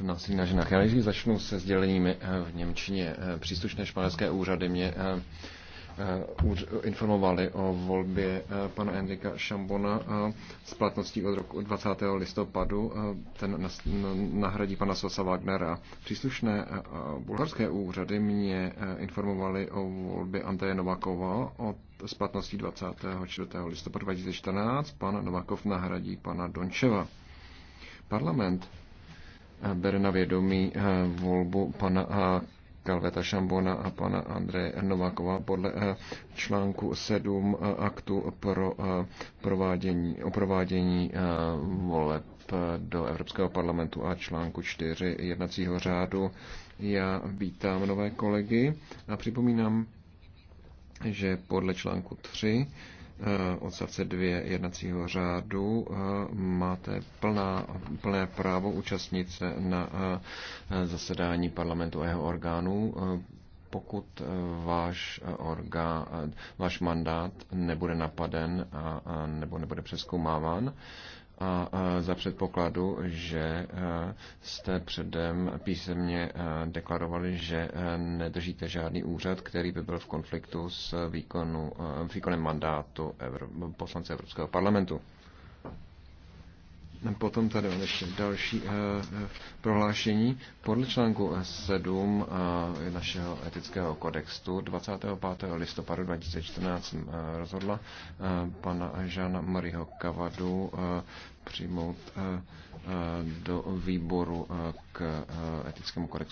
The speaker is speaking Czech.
na násilí na Já nejdřív začnu se sděleními eh, v Němčině. Eh, příslušné španělské úřady mě eh, informovali o volbě pana Enrika Šambona s platností od roku 20. listopadu. Ten nahradí pana Sosa Wagnera. Příslušné bulharské úřady mě informovali o volbě Andreje Novakova od s platností 24. listopadu 2014. Pan Novakov nahradí pana Dončeva. Parlament bere na vědomí eh, volbu pana Kalveta eh, Šambona a pana Andreje Novakova podle eh, článku 7 aktu pro provádění, o provádění voleb do Evropského parlamentu a článku 4 jednacího řádu. Já vítám nové kolegy a připomínám, že podle článku 3 odstavce 2 jednacího řádu máte plná, plné právo účastnit se na eh, zasedání parlamentu a jeho orgánů, eh, pokud eh, váš, orgán, váš mandát nebude napaden a, a nebo nebude přeskoumáván a za předpokladu, že jste předem písemně deklarovali, že nedržíte žádný úřad, který by byl v konfliktu s výkonu, výkonem mandátu Evro, poslance Evropského parlamentu. Potom tady ještě další eh, eh, prohlášení. Podle článku 7 eh, našeho etického kodextu 25. listopadu 2014 rozhodla pana Žána Mariho Kavadu přijmout do výboru k etickému kodextu.